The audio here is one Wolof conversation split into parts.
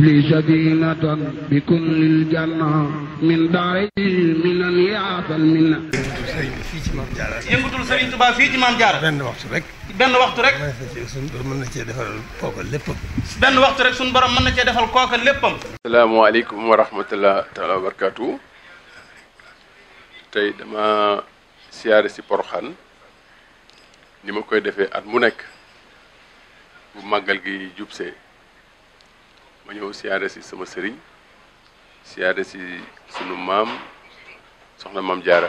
li sadinatan bi kullil janna min daari minan yaasal minna. yëngutul Serigne Touba fii ci Maam Jaara. benn waxtu rek. benn waxtu rek. mën na cee defal kooka léppam. benn waxtu rek suñu borom mën cee defal kooka léppam. asalaamaaleykum wa rahmatulah taala wa tey dama siyaare si Poroxaan ni ma koy defee at mu nekk bu màggal gi jubsee ma ñëw siyaare si sama sëriñ siyaare si sunu maam soxna maam jaara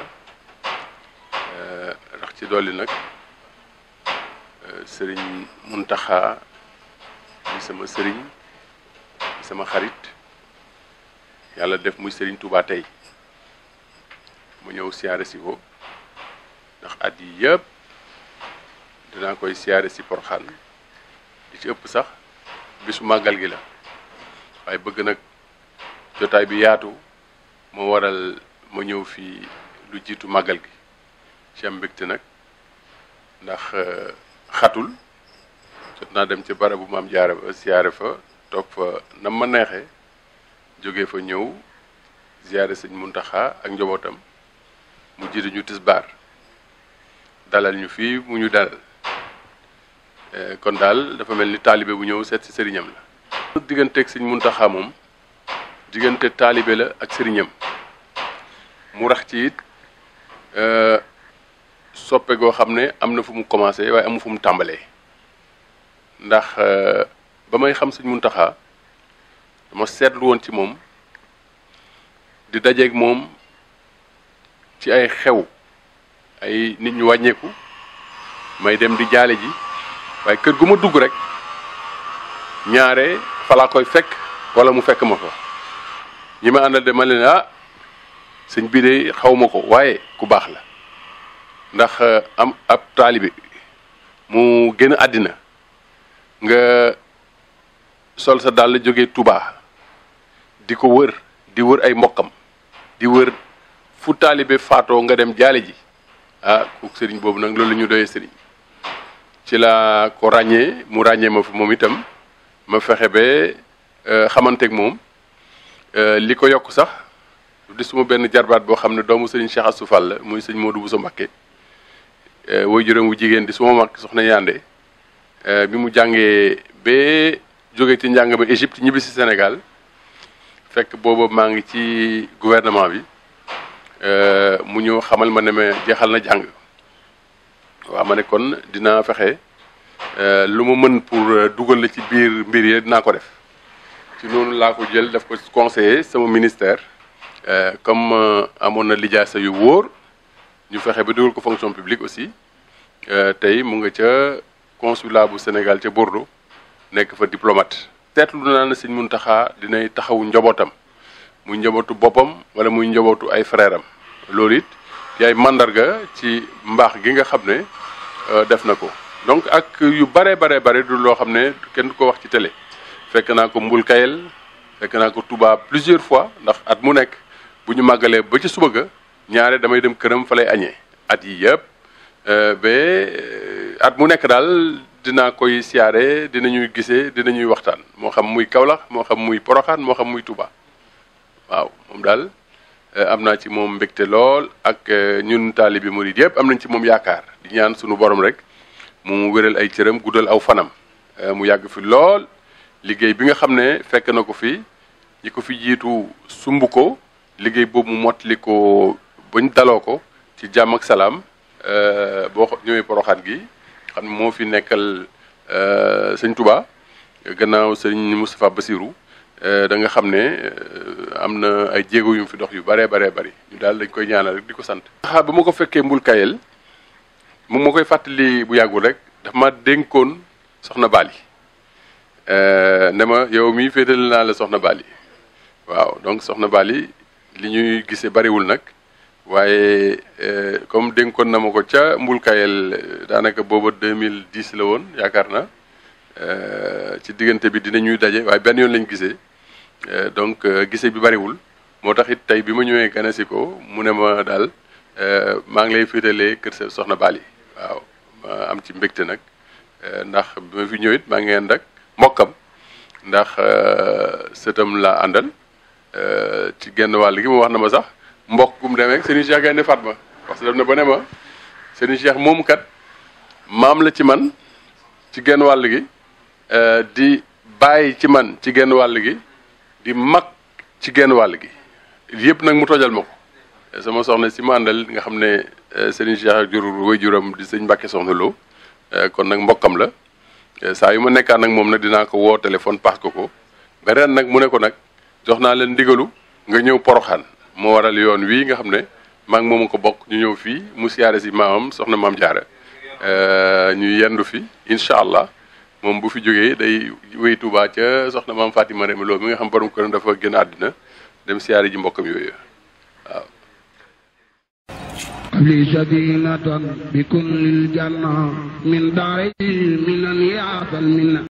eh, rax ci dolli nag eh, sëriñ Muntaxa di sama sëriñ di sama xarit yàlla def muy sëriñ Touba tey mu ñëw siyaare si ko ndax at yi yëpp dinaa koy siyaare si Porokhane di ci ëpp sax bisu màggal gi la waaye bëgg nag jotaay bi yaatu moo waral ma ñëw fii lu jiitu màggal gi ci am mbégte nag ndax euh, xatul jot naa dem ci barabu maam jaare ba siyaare fa toog fa nam ma neexee jóge fa ñëw ziyaare sëñ Muntaxa ak njobootam mu jiitu ñu tisbaar dalal ñu fii mu ñu dalal euh, kon daal dafa mel ni taalibe bu ñëw seet ci sëriñam la digganteeg sëñ Muntaxa moom diggante taalibe la ak sëriñam mu rax ci it euh, soppe goo xam ne am na fu mu commencé waaye amu fu mu tàmbalee ndax euh, ba may xam sëñ Muntaxa dama seetlu woon ci moom di dajeek moom ci ay xew ay nit ñu wàññeeku may dem di jaale ji waaye kër gu ma dugg rek ñaare falaa koy fekk wala mu fekk ma fa ñi ma àndal de ma leen ah sëñ bii de xaw ma ko waaye ku baax la ndax eh, am ab taalibe mu génn àddina nga sol sa dàll jóge tubaa di ko wër di wër ay mbokkam di wër fu taalibe faatoo nga dem jaale ji ah kooku sëriñ boobu nag loolu la ñu doyee sëriñ ci la ko ràññee mu ràññee ma fa moom itam ma fexe ba euh, xamanteeg moom euh, li ko yokk sax di suma benn jarbaat boo xam ne doomu sëriñ Cheikh Assou Fall la muy sëñ Modou Bousso Mbacké euh, woy juróom wu jigéen di suma mag soxna Yande bi mu jàngee ba jóge ci njàng ba Égypte ñibbi si Sénégal fekk booba maa ngi ci gouvernement bi mu ñëw xamal ma ne jeexal na jàng waaw ma ne kon dinaa fexe Euh, lu ma mën pour euh, dugal la ci biir mbir yi dinaa ko def ci noonu laa ko jël daf ko conseiller sama ministère euh, comme amoon na lijaasa yu wóor ñu fexe ba dugal ko fonction publique aussi tey mu nga ca consulat Sénégal ca Bordeaux nekk fa diplomate teetlu naa ne mun taxa dinay taxawu njabootam muy njabootu boppam wala muy njabootu ay frère am it yaay màndarga ci mbaax gi nga xam ne def na ko donc ak yu bare bare bare du loo xam ne kenn du ko wax ci télé fekk naa ko Mbul Kayel fekk naa ko Touba plusieurs fois ndax at mu nekk bu ñu màggalee ba ci suba ga ñaare damay dem këram fa lay añee at yi yëpp euh, ba euh, at mu nekk daal dinaa koy dina ñuy gisee dina ñuy waxtaan moo xam muy Kaolack moo xam muy Poroxaan moo xam muy Touba waaw moom daal euh, am naa ci moom mbégte lool ak ñun taalibi murid yëpp am nañ ci moom yaakaar di ñaan sunu borom rek. mu wéral ay cëram guddal aw fanam eh, mu yàgg fi lool liggéey bi nga xam ne fekk na ko fi ñi ko fi jiitu sumb ko liggéey boobu mu mottali ko bañ daloo ko ci jàmm ak salaam eh, boo ñëwee poroxaat gi xam ne moo fi nekkal eh, sëñ Touba gannaaw sëñ Moustapha Bassirou da nga xam ne am na ay jéego yu mu fi dox yu baree baree bari ñu daal dañ koy ñaanal rek di ko sant. bu ma ko fekkee mbul kayel moom ma koy fàttali bu yàggul rek daf ma dénkoon soxna Bali euh, ne ma yow mii féetal naa la soxna Bali waaw donc soxna baali li ñuy gisee bariwul nag waaye euh, comme dénkoon na ma ko ca mbulkayel daanaka booba 2010 la woon yaakaar na euh, ci diggante bi dina ñuy daje waaye benn yoon lañ gisee donc gisee bi bariwul moo tax it tey bi ma ñëwee ganesi ko mu ne ma daal maa ngi lay féetalee kër sa soxna Bali waaw ma am ci mbégte nag eh, ndax bi ma fi ñëw it maa ngi ànd mbokkam ndax eh, sëtam laa àndal eh, ci genn wàll gi mu wax na ma sax mbokk gu mu demee ak Serigne Cheikh Gaynde Fatma parce que daf na bone ne ma Serigne Cheikh moom kat maam la ci man ci genn wàll gi di bàyyi ci man ci genn wàll gi di mag ci genn wàll gi yëpp nag mu tojal ma ko sama soxna si ma àndal nga xam ne. Eh, sëriñ Cheikh jur waajuram di sëñ Mbàkke Soxna Lo eh, kon nag mbokkam la eh, saa yu ma nekkaan nag moom nag dinaa ko woo téléphone paas ko ko ba ren nag mu ne ko nag jox naa leen ndigalu nga ñëw poroxaan moo waral yoon wii nga xam ne maa ngi moom ko bokk ñu ñëw fii mu siyaare si maamam soxna maam jaara ñu yendu fi incha allah moom bu fi jógee day wéy Tuubaa ca soxna maam Fatima Remelo mi nga xam borom këram dafa génn àddina dem siyaare ji mbokkam yooyu li sadinatan bi kun lil janna min daari minan yaasal minna